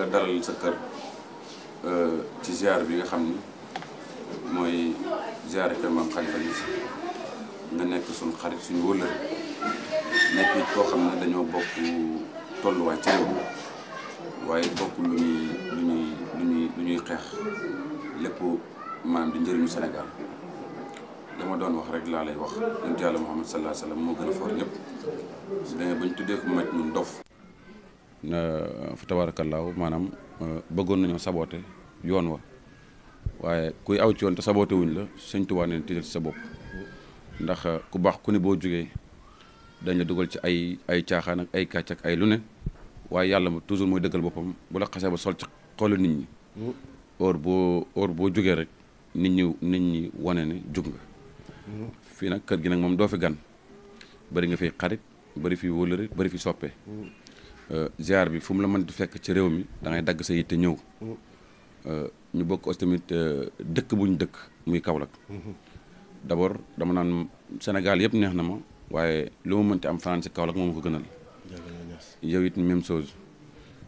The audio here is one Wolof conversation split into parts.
la dalal sa kër euh, ci ziar bi nga xam ni mooy ziar kër maam Khalifa Niass nga nekk suñu xarit suñu wëllëre nekk it koo xam ne dañoo bokk tolluwaay ci réew mi waaye bokk lu ñuy lu ñuy lu ñuy lu ñuy xeex lépp maam di njëriñu Sénégal dama doon wax rek laa lay wax yonent yàlla Muhammad sallallahu alayhi wa sallam moo gën a foor ñëpp su demee ba tuddee ko maj ñun dof Euh, fa tabaarakallaahu maanaam euh, bëggoon nañoo saboote yoon wa waaye kuy aw ci yoon te saboote wuñ la sëñ Tuubaa neen tiital ci sa bopp ndax euh, ku baax ku ne boo jógee dañ la dugal ci ay ay caaxaan ak ay kàcc ak ay lu ne waaye yàlla ma toujours mooy dëggal boppam bu la xasee ba sol ci xoolu nit ñi or boo or boo jógee rek nit ñi nit ñi wane ne jug nga fii nag kër gi nag moom doo fi gan bari nga fiy xarit bari fi wóllëre bari fi soppe Euh, ziar bi fu mu la mën di fekk ci réew mi da dagg sa yitte ñëw mm-hmm. euh, ñu bokk aussi tamit euh, dëkk bu ñu dëkk muy Kaolack mm-hmm. d'abord dama naan Sénégal yëpp neex na ma waaye lu ma mënti am fanaan ci Kaolack moom ko gënal yow it même chose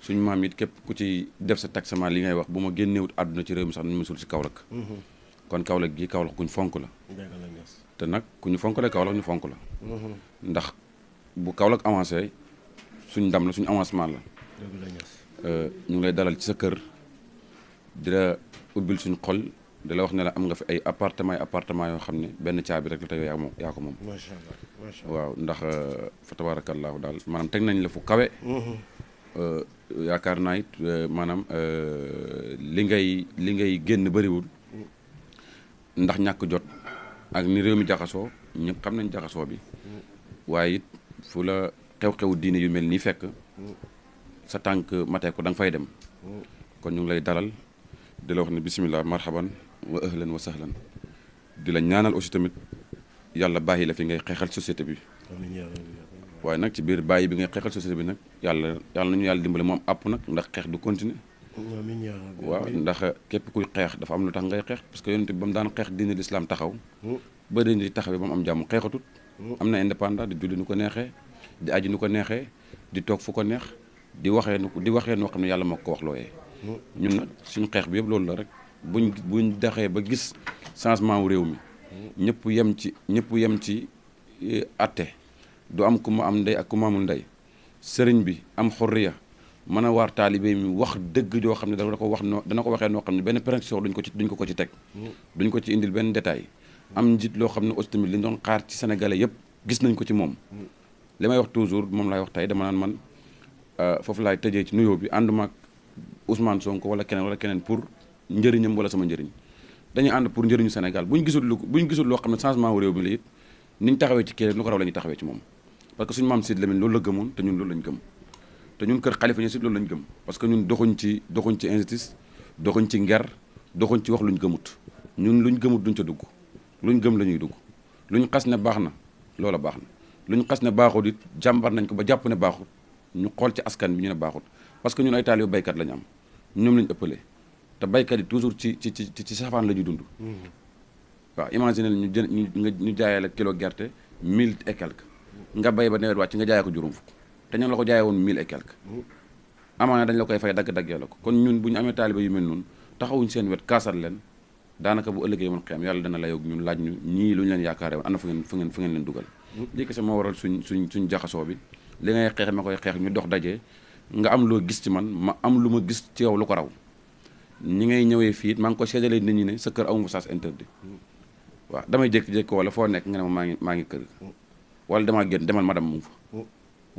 suñu maam it képp ku ci def sa taxement li ngay wax bu ma génneewut àdduna ci réew mi sax nañu ma suul ci Kaolack mm-hmm. kon Kaolack gi Kaolack kuñ fonk la te nag ku ñu fonk la Kaolack ñu fonk la ndax bu Kaolack avancé suñ ndam la suñu avancement la. Euh, ñu ngi lay dalal ci sa kër di la ubbil suñu xol di la wax ne la am nga fi ay appartement ay yoo xam ne benn caabi rek la te yow yaa ko moom. macha allah macha allah waaw ndax euh, fa tabaarakallaahu daal maanaam teg nañ la fu kawe. Mm-hmm. Euh, yaakaar naa maanaam li ngay li ngay génn bëriwul ndax ñàkk jot ak ni réew mi jaxasoo ñëpp xam nañ jaxasoo bi mm-hmm. waaye it fu la. xew-xewu yu mel nii fekk sa tànk matee ko fay dem kon ñu ngi lay dalal di la wax ne bisimilah marhaban wa ahlan wa sahlan di la ñaanal aussi tamit yàlla bàyyi la fi ngay xeexal société bi waaye nag ci biir bàyyi bi ngay xeexal société bi nag yàlla yàlla nañu yàlla dimbale moom àpp nag ndax xeex du continuer waaw ndax képp kuy xeex dafa am lu tax ngay xeex parce que yonent bi ba mu daan xeex diine lislaam taxaw ba di taxawee ba mu am jàmm xeexatut am na indépendant di julli nu ko neexee di aji nu ko neexee di toog fu ko neex di waxee nu di waxee noo xam ne yàlla moo ko wax looyee. ñun na suñu xeex bi yëpp loolu la rek buñ buñ daxee ba gis changement wu réew mi. ñëpp yem ci ñëpp yem ci eh, atte du am ku mu am ndey ak ku mu amul ndey sëriñ bi am xorriya mën a waar taalibe mi wax dëgg yoo xam ne dana ko wax noo dana ko waxee noo xam ne benn pression duñ ko ci duñ ko ko ci teg. ko ci indil benn détail. am njiit loo xam ne aussi tamit li xaar ci sénégalais yëpp gis nañ ko ci moom. li may wax toujours moom laay wax tey dama naan man euh, foofu laay tëjee ci nuyo bi ànduma ak Ousmane Sonko wala keneen wala keneen pour njëriñam wala sama njëriñ dañu ànd pour njëriñu Sénégal bu ñu gisul lu bu ñu gisul loo xam ne changement wu réew mi la it ni ñu taxawee ci keneen lu ko raw la ñuy taxawee ci moom parce que suñu maam Sid Lamine loolu la gëmoon te ñun loolu lañ gëm te ñun kër Xalifa Ñas loolu lañ gëm parce que ñun doxuñ ci doxuñ ci injustice doxuñ ci ci wax luñ gëmut ñun luñ gëmut duñ ca dugg luñ gëm la ñuy dugg luñ xas ne baax na loola baax na lu ñu xas ne baaxut it jàmbar nañ ko ba jàpp ne baaxut ñu xool ci askan bi ñu ne baaxut parce que ñun ay taalibe baykat lañu am ñoom lañu ëppale te baykat yi toujours ci ci ci ci safaan la ñuy dund. Mm-hmm. waaw imagine ñu jën ñu jaayee la kilo gerte mille et quelque. nga bay ba nawet wàcc nga jaayee ko juróom fukk te ñun la ko jaayee woon mille et quelque. Mm-hmm. amaana dañ la koy fay dagg daggee la ko kon ñun bu ñu amee taalibe yu mel noonu taxawuñ seen wet kaasal leen. daanaka bu ëllëgee yomal xiyam yàlla dana layoog ñun laaj ñu ñii lu ñu leen yaakaare woon ana fu ngeen fu ngeen fu ngeen leen dugal lii kese moo waral suñ suñ suñ jaxasoo bi li ngay xeex ma koy xeex ñu dox daje nga am loo gis ci man ma am lu ma gis ci yow lu ko raw ñi ngay ñëwee fiit it maa ngi ko seedalee nit ñi ne sa kër amu fa sens interdit waaw damay jékki-jékki wala foo nekk nga ne ma maa ngi maa ngi kër wala damaa génn demal ma madam mu ngi fa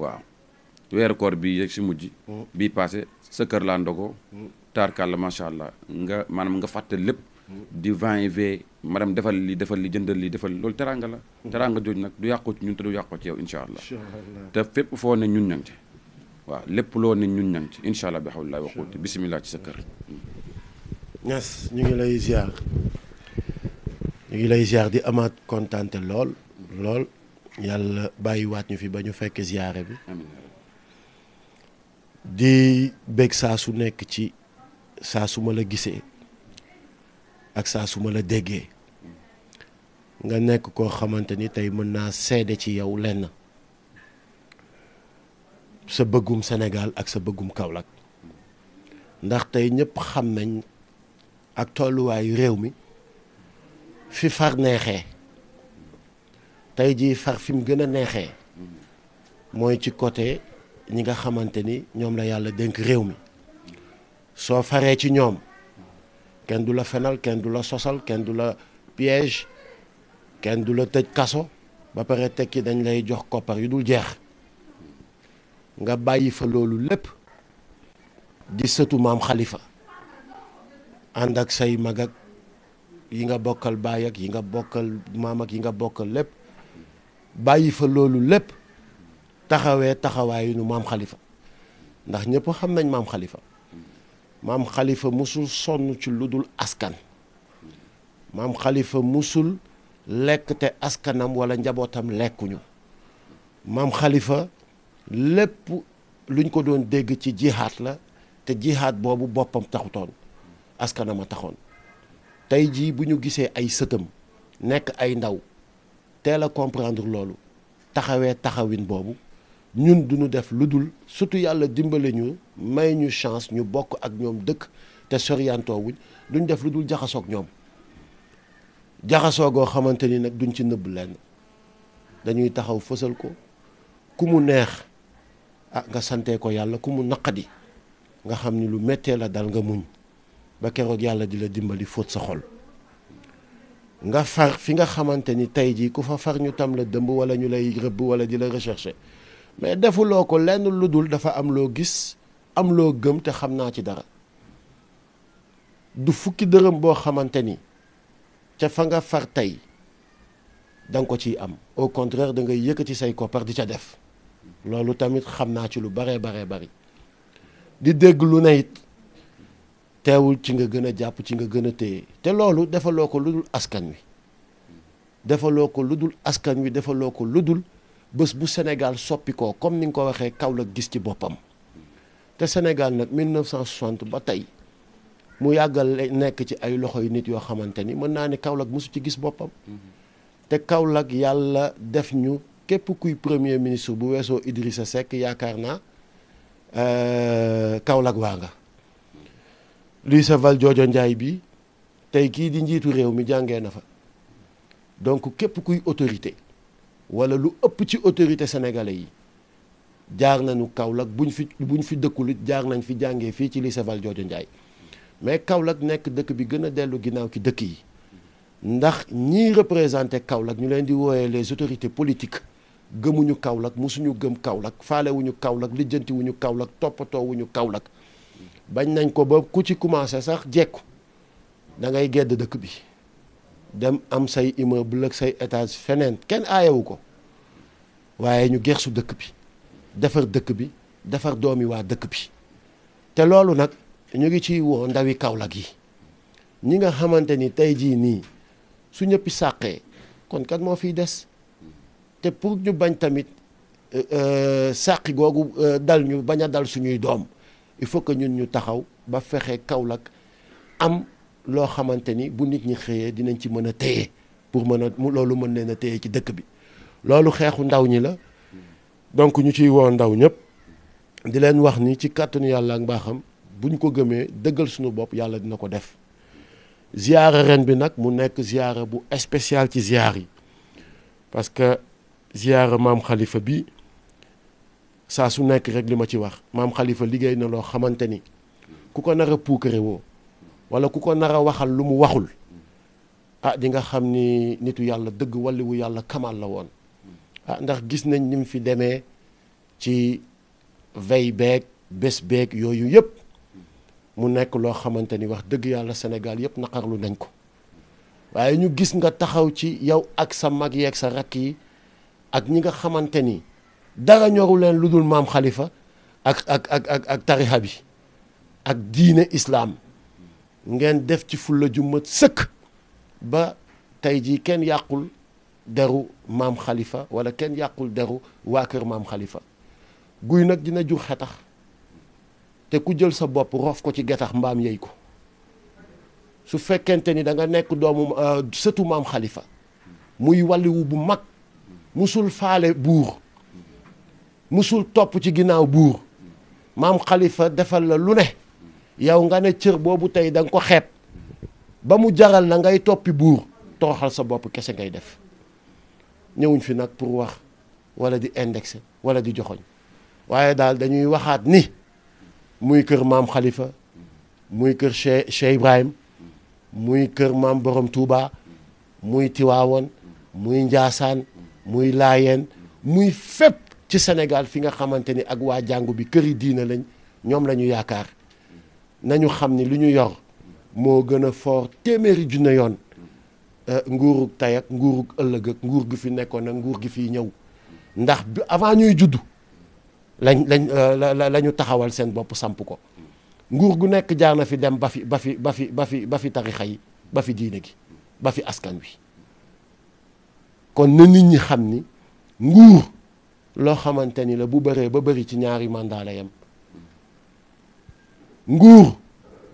waaw weer koor bi yëg si mujj bii passé sa kër laa ndogoo taar macha allah nga maanaam nga fàtte lépp di vingt madame defal li defal li jëndal li defal loolu teraanga la teraanga jooju nag du yàqu ci ñun te du yàqu ci yow incha allah te fépp foo ne ñun ñang ci waaw lépp loo ne ñun ñang ci incha allah bi xawlilaay waxuuti bisimilah ci sa kër ñas ñu ngi lay ziar ñu ngi lay ziar di amaat kontaante lool lool yàlla bàyyiwaat ñu fi ba ñu fekk ziare bi di bég saa su nekk ci saa su ma la gisee ak saa suma la déggee nga nekk koo xamante ni tey mën naa seede ci yow lenn sa bëggum Sénégal ak sa bëggum Kaolack ndax tey ñépp xam nañ ak tolluwaayu réew mi fi far neexee tey jii far fi mu gën a neexee mooy ci côté ñi nga xamante ni ñoom la yàlla dénk réew mi soo faree ci ñoom. kenn du la fenal kenn du la sosal kenn du la piège kenn du la tëj kaso ba pare tekki dañ lay jox koppar yu dul jeex nga bàyyi fa loolu lépp di sëtu maam xalifa ànd ak say mag ak yi nga bokkal baay ak yi nga bokkal maam ak yi nga bokkal lépp bàyyi fa loolu lépp taxawee taxawaayu nu maam xalifa ndax ñëpp xam nañ maam xalifa maam xalifa musul sonn ci lu dul askan maam xalifa musul lekk te askanam wala njabootam lekkuñu maam xalifa lépp luñ ko doon dégg ci jihaat la te jihaat boobu boppam taxutoon askanam a taxoon tey ji bu ñu gisee ay sëtam nekk ay ndaw teel a comprendre loolu taxawee taxawin boobu ñun duñu def lu dul surtout yàlla dimbale ñu may ñu chance ñu bokk ak ñoom dëkk te soriantoo wuñ ñu def lu dul jaxasoog ñoom jaxasoo goo xamante ni nag duñ ci nëbb lenn dañuy taxaw fësal ko ku mu neex ah nga santee ko yàlla ku mu naqadi nga xam ni lu méttee la dal nga muñ ba keroog yàlla di la dimbali fóot sa xol nga far fi nga xamante ni tey jii ku fa far ñu tam la dëmb wala ñu lay rëbb wala di la recherche mais defuloo ko lenn lu dul dafa am loo gis am loo gëm te xam naa ci dara du fukki dërëm boo xamante ni ca fa nga far tey da ko ciy am au contraire da ngay yëkkati say koppar di ca def loolu tamit xam naa ci lu baree baree bari di dégg lu ne it teewul ci nga gën a jàpp ci nga gën a téye te loolu defaloo ko lu dul askan wi defaloo ko lu dul askan wi defaloo ko lu dul bés bu Sénégal soppi ko comme ni nga ko waxee Kaolack gis ci boppam te Sénégal nag 1960 ba tey mu yàggal nekk ci ay loxo yu nit yoo xamante ni mën naa ne Kaolack mosu ci gis boppam mm-hmm. te Kaolack yàlla def ñu képp kuy premier ministre bu weesoo Idrissa Seck yaakaar naa euh, Kaolack waa nga luy sa val joojo Njaay bi tey kii di njiitu réew mi jàngee na fa donc képp kuy autorité wala lu ëpp ci autorité sénégalais yi jaar nañu Kaolack buñ fi buñ fi dëkkulit jaar nañ fi jàngee fii ci lycée Valdiodio Ndiaye mais Kaolack nekk dëkk bi gën a dellu ginnaaw ci dëkk yi ndax ñiy représenté Kaolack ñu leen di wooyee les autorités politiques gëmuñu Kaolack musuñu gëm Kaolack faalewuñu Kaolack lijjantiwuñu Kaolack toppatoowuñu Kaolack bañ nañ ko ba ku ci commencé sax jekku da ngay gedd dëkk bi dem am say immeuble ak say étage feneen kenn aayewu ko waaye ñu gersu dëkk bi defar dëkk bi defar doom doomi waa dëkk bi te loolu nag ñu ngi ci woo ndawi Kaolack yi ñi nga xamante ni tey jii nii su ñëppi sàqee kon kat moo fiy des te pour ñu bañ tamit euh, euh, sàqi googu euh, dal ñu bañ a dal suñuy doom il faut que ñun ñu taxaw ba fexe Kaolack am loo xamante ni bu nit ñi xëyee dinañ ci mën a téye pour mën a loolu mën leen a téye ci dëkk bi loolu xeexu ndaw ñi la donc ñu ciy woo ndaw ñëpp di leen wax ni ci kàttanu yàlla ak mbaaxam buñ ko gëmee dëggal suñu bopp yàlla dina ko def ziyaara ren bi nag mu nekk ziyaara bu spécial ci ziyaar yi parce que ziyaara maam xalifa bi saa su nekk rek li ma ci wax maam xalifa liggéey na loo xamante ni ku ko nar a puukare wala ku ko nar a waxal lu mu waxul a ah, di nga xam ni nitu yàlla dëgg waliwu yàlla kamal la woon ah ndax gis nañ ni fi demee ci vey beeg bés beeg yooyu yëpp mu nekk loo xamante ni wax dëgg yàlla senegal yëpp naqarlu nañ ko waaye ñu gis nga taxaw ci yow ak sa mag yeeg sa rakk yi ak ñi nga xamante ni dara ñoru leen lu dul maam xalifa ak ak ak ak bi ak diine islaam ngeen def ci fulla ju mat sëkk ba tey jii kenn yàqul deru maam xalifa wala kenn yàqul deru waa kër maam xalifa guy nag dina jur xetax te ku jël sa bopp roof ko ci getax mbaam yey ko su fekkente ni danga nekk doomu euh, sëtu maam xalifa muy walliwu bu mag musul faale buur musul topp ci ginnaaw buur maam xalifa defal la lu ne yow nga ne cër boobu tey da nga ko xeeb ba mu jaral na ngay toppi buur tooxal sa bopp kese ngay def ñëwuñ fi nag pour wax wala di indexé wala di joxoñ waaye daal dañuy waxaat ni muy kër maam xalifa muy kër Cheikh Cheikh Ibrahim muy kër maam Borom Touba muy Tiwaawoon muy Njaasaan muy Laayeen muy fépp ci Sénégal fi nga xamante ni ak waa jàngu bi këri diina lañ ñoom lañu yaakaar nañu xam ni lu ñu yor moo gën a foor téeméeri junne yoon euh, nguurug tey ak nguurug ëllëg ak nguur gi fi nekkoon ak nguur gi fi ñëw ndax avant ñuy juddu lañ lañ euh, la taxawal seen bopp samp ko nguur gu nekk jaar na fi dem ba fi ba fi ba fi ba fi ba tarixa yi ba fi diine gi ba fi askan wi kon na nit ñi xam ni nguur loo xamante ni la bu bëree ba bari ci ñaari mandat yam nguur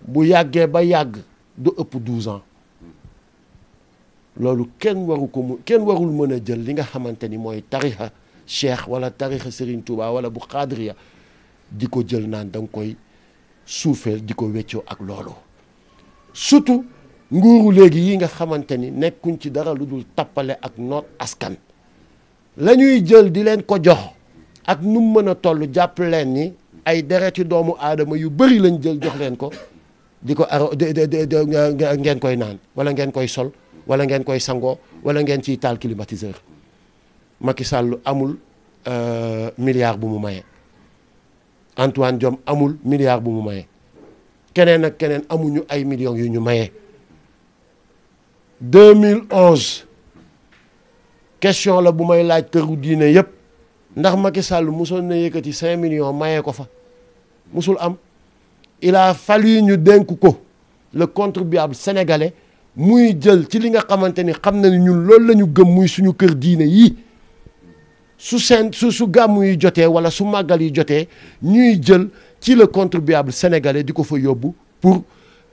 bu yàggee ba yàgg du ëpp douze ans loolu kenn waru ko mu kenn warul mën a jël li nga xamante ni mooy tarixa cheikh wala tarixa Serigne Touba wala bu xaadriya di ko jël naan da nga koy suufeel di ko weccoo ak loolu surtout nguuru léegi yi nga xamante ni nekkuñ ci dara lu dul tappale ak noot askan lañuy jël di leen ko jox ak nu mën a toll jàpp leen ni ay dereti doomu aadama yu bëri lañ jël jox leen ko di ko aro ngeen koy naan wala ngeen koy sol wala ngeen koy sangoo wala ngeen ciy taal climatiseur Macky Sall amul euh, milliard bu mu maye Antoine jom amul milliard bu mu maye keneen ak keneen amuñu ay millions yu ñu maye 2011 question la bu may laaj këru diine yëpp. ndax Macky Sall mosoon na yëkkati cinq millions mayee ko fa mosul am il fal yi ñu dénk ko la contribuable sénégalais muy jël ci li nga xamante ni xam na ni ñun loolu la ñu gëm muy suñu kër diine yi su seen su su gàmm yi jotee wala su màggal yi jotee ñuy jël ci le contribuable sénégalais di ko fa yóbbu pour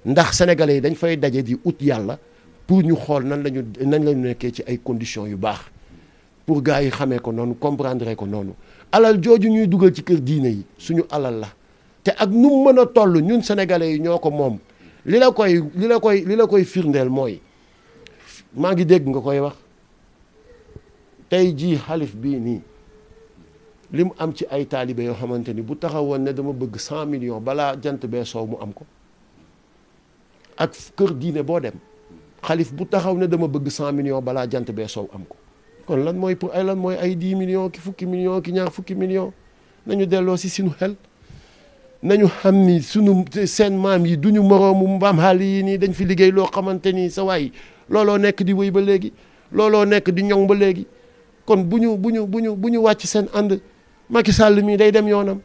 ndax sénégalais yi dañ fay daje di ut yàlla pour ñu xool nan lañu nan lañu nekkee ci ay conditions yu baax pour gars yi xamee ko noonu comprendre ko noonu alal jooju ñuy dugal ci kër diine yi suñu alal la te ak nu mu mën a toll ñun sénégalais yi ñoo ko moom li la koy li la koy li la koy firndeel mooy maa ngi dégg nga koy wax tey jii xalif bii nii li mu am ci ay taalibe yoo xamante ni bu taxawoon ne dama bëgg cent million balaa jant bee soow mu am ko ak kër diine boo dem xalif bu taxaw ne dama bëgg cent millions balaa jant bee soow am ko kon lan mooy pour ay lan mooy ay million ki fukki millions ki ñaar fukki millions nañu delloo si suñu xel nañu xam ni suñu seen maam yi duñu moroomu mbaam xaal yi nii dañ fi liggéey loo xamante ni sa waay looloo nekk di wéy ba léegi looloo nekk di ñoŋ ba léegi kon bu ñu bu ñu bu ñu bu ñu wàcc seen ànd Macky Sall mii day dem yoonam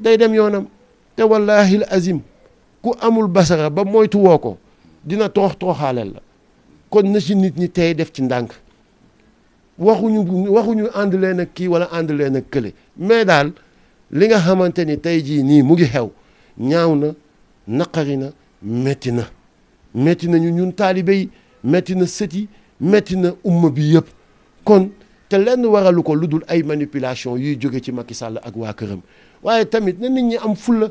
day dem yoonam te wallaahil azim ku amul basara ba moytuwoo ko dina toox tooxaaleel la kon na nit ñi tey def ci ndànk waxuñu waxuñu ànd leen ak kii wala ànd leen ak kële mais daal li nga xamante ni tey jii nii mu ngi xew ñaaw na naqari na métti na métti na ñu ñun taalibe yi métti na sët yi métti na umma bi yëpp kon te lenn waralu ko lu dul ay manipulation yuy jóge ci Macky Sall ak waa këram waaye tamit na nit ñi am fulla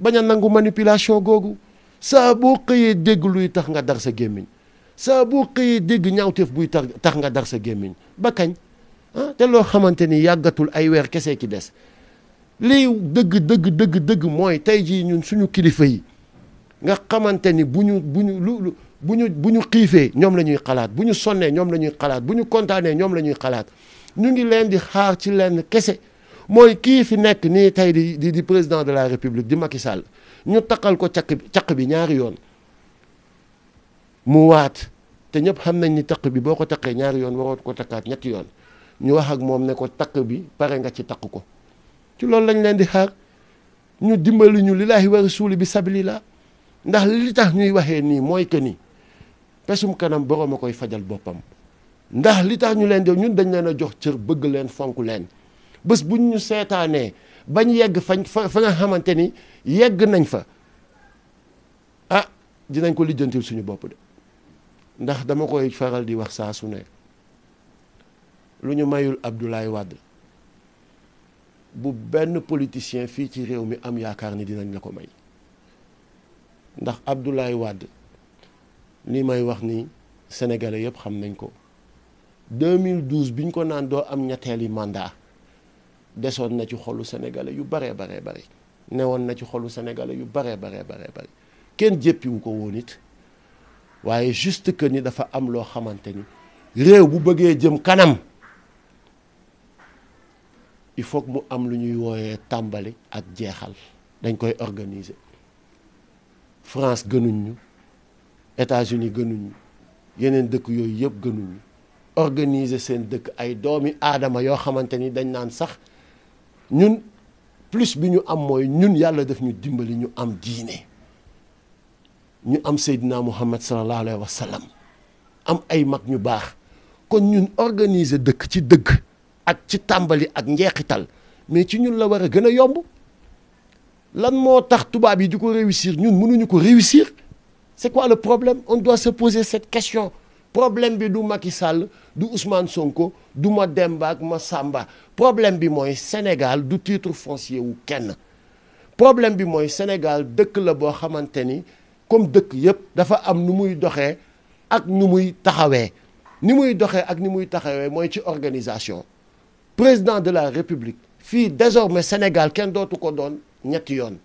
bañ a nangu manipulation googu saa boo xëyee dégg luy tax nga dar sa gémmiñ saa boo xëyee dégg ñaawteef buy tax tax nga dar sa gémmiñ ba kañ ah, te loo xamante ni yàggatul ay weer kese ki des lii dëgg dëgg dëgg mooy tey jii ñun suñu kilifa yi nga xamante ni bu ñu bu ñu bu ñu bu xiifee ñoom la ñuy xalaat bu ñu sonnee ñoom la ñuy xalaat bu ñu kontaanee ñoom la ñuy xalaat ñu ngi leen di xaar ci leen kese mooy kii fi nekk nii tey di di président de la république di Macky Sall ñu taqal ko caq caq bi ñaari yoon mu waat te ñëpp xam nañ ni takk bi boo ko takkee ñaari yoon waroon ko takkaat ñetti yoon ñu wax ak moom ne ko takk bi pare nga ci takk ko ci loolu lañ leen di xar ñu dimbali ñu lillaahi wa suuli bi sabili la ndax li tax ñuy waxee nii mooy que ni pesum kanam borom a koy fajal boppam ndax li tax ñu leen di ñun dañ leen a jox cër bëgg leen fonk leen bës buñ ñu seetaanee bañ yegg fañ fa fa nga xamante ni yegg nañ fa a ah dinañ ko lijjantil suñu bopp de. ndax dama koy faral di wax saa su ne lu ñu mayul Abdoulaye Wade bu benn politicien fii ci réew mi am yaakaar ni dinañ la ko may ndax abdulaayu Wade li may wax ni sénégalais yëpp xam nañ ko 2012 biñ ko naan doo am ñetteeli mandat desoon na ci xolu sénégalais yu baree baree bari newoon na ci xolu sénégalais yu baree baree baree bari kenn jéppiwu ko woon it waaye juste que ni dafa am loo xamante ni réew bu bëggee jëm kanam il faut mu am lu ñuy wooyee tàmbali ak jeexal dañ koy organiser France gënuñ États-Unis gënuñu yeneen dëkk yooyu yëpp gënuñ ñu organiser seen dëkk ay doomi aadama yoo xamante ni dañ naan sax ñun plus bi ñu am mooy ñun yàlla def ñu dimbali ñu am diine ñu am Seydina Muhammad sallallahu alayhi wa sallam am ay mag ñu baax kon ñun organiser dëkk ci dëkk ak ci tàmbali ak njeexital mais ci ñun la war a gën a yomb lan moo tax tubaab yi di ko réussir ñun mënuñu ko réussir c'est quoi problème on doit se poser question problème bi du Macky Sall du usmaan Sonko du ma Mademba ma sàmba problème bi mooy Sénégal du titre foncier wu kenn problème bi mooy Sénégal dëkk la boo xamante ni comme dëkk yëpp dafa am nu muy doxee ak nu muy taxawee ni muy doxee ak ni muy taxawee mooy ci organisation président de la république fii désormais Sénégal kenn dootu ko doon ñetti yoon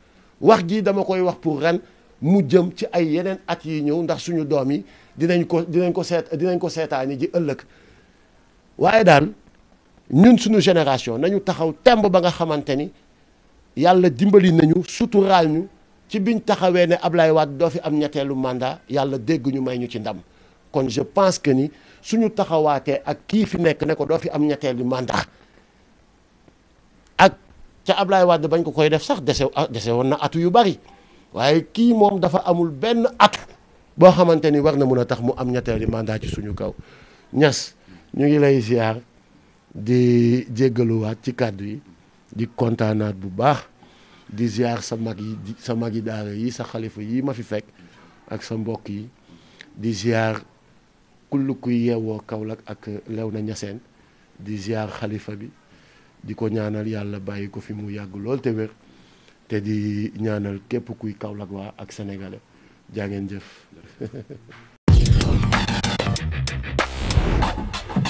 wax ji dama koy wax pour ren mu jëm ci ay yeneen at yi ñëw ndax suñu doom yi dinañ ko dinañ ko seet dinañ ko seetaani ji ëllëg waaye daal ñun suñu génération nañu taxaw temb ba nga xamante ni yàlla dimbali nañu suturaal ñu ci biñ taxawee ne Ablaye Wade doo fi am ñetteelu mandat yàlla dégg ñu may ñu ci ndam kon je pense que ni suñu taxawaatee ak kii fi nekk ne ko doo fi am ñetteelu mandat ak ca Ablaye Wade bañ ko koy def sax dese ah, dese woon na atu yu bari waaye kii moom dafa amul benn atu boo xamante ni war na mun a tax mu am ñetteelu mandat ci suñu kaw ñas ñu ngi lay ziar di jéggaluwaat ci kàddu yi di kontaanaat bu baax di ziar sa mag yi sa magi daara yi sa xalifa yi ma fi fekk ak sa mbokk yi di ziar kullu kuy yeewoo Kaolack ak lew na Niassène di ziar xalifa bi di ko ñaanal yàlla bàyyi ko fi mu yàgg lool te wér te di ñaanal képp kuy Kaolack waa ak sénégalais jàngeen jëf.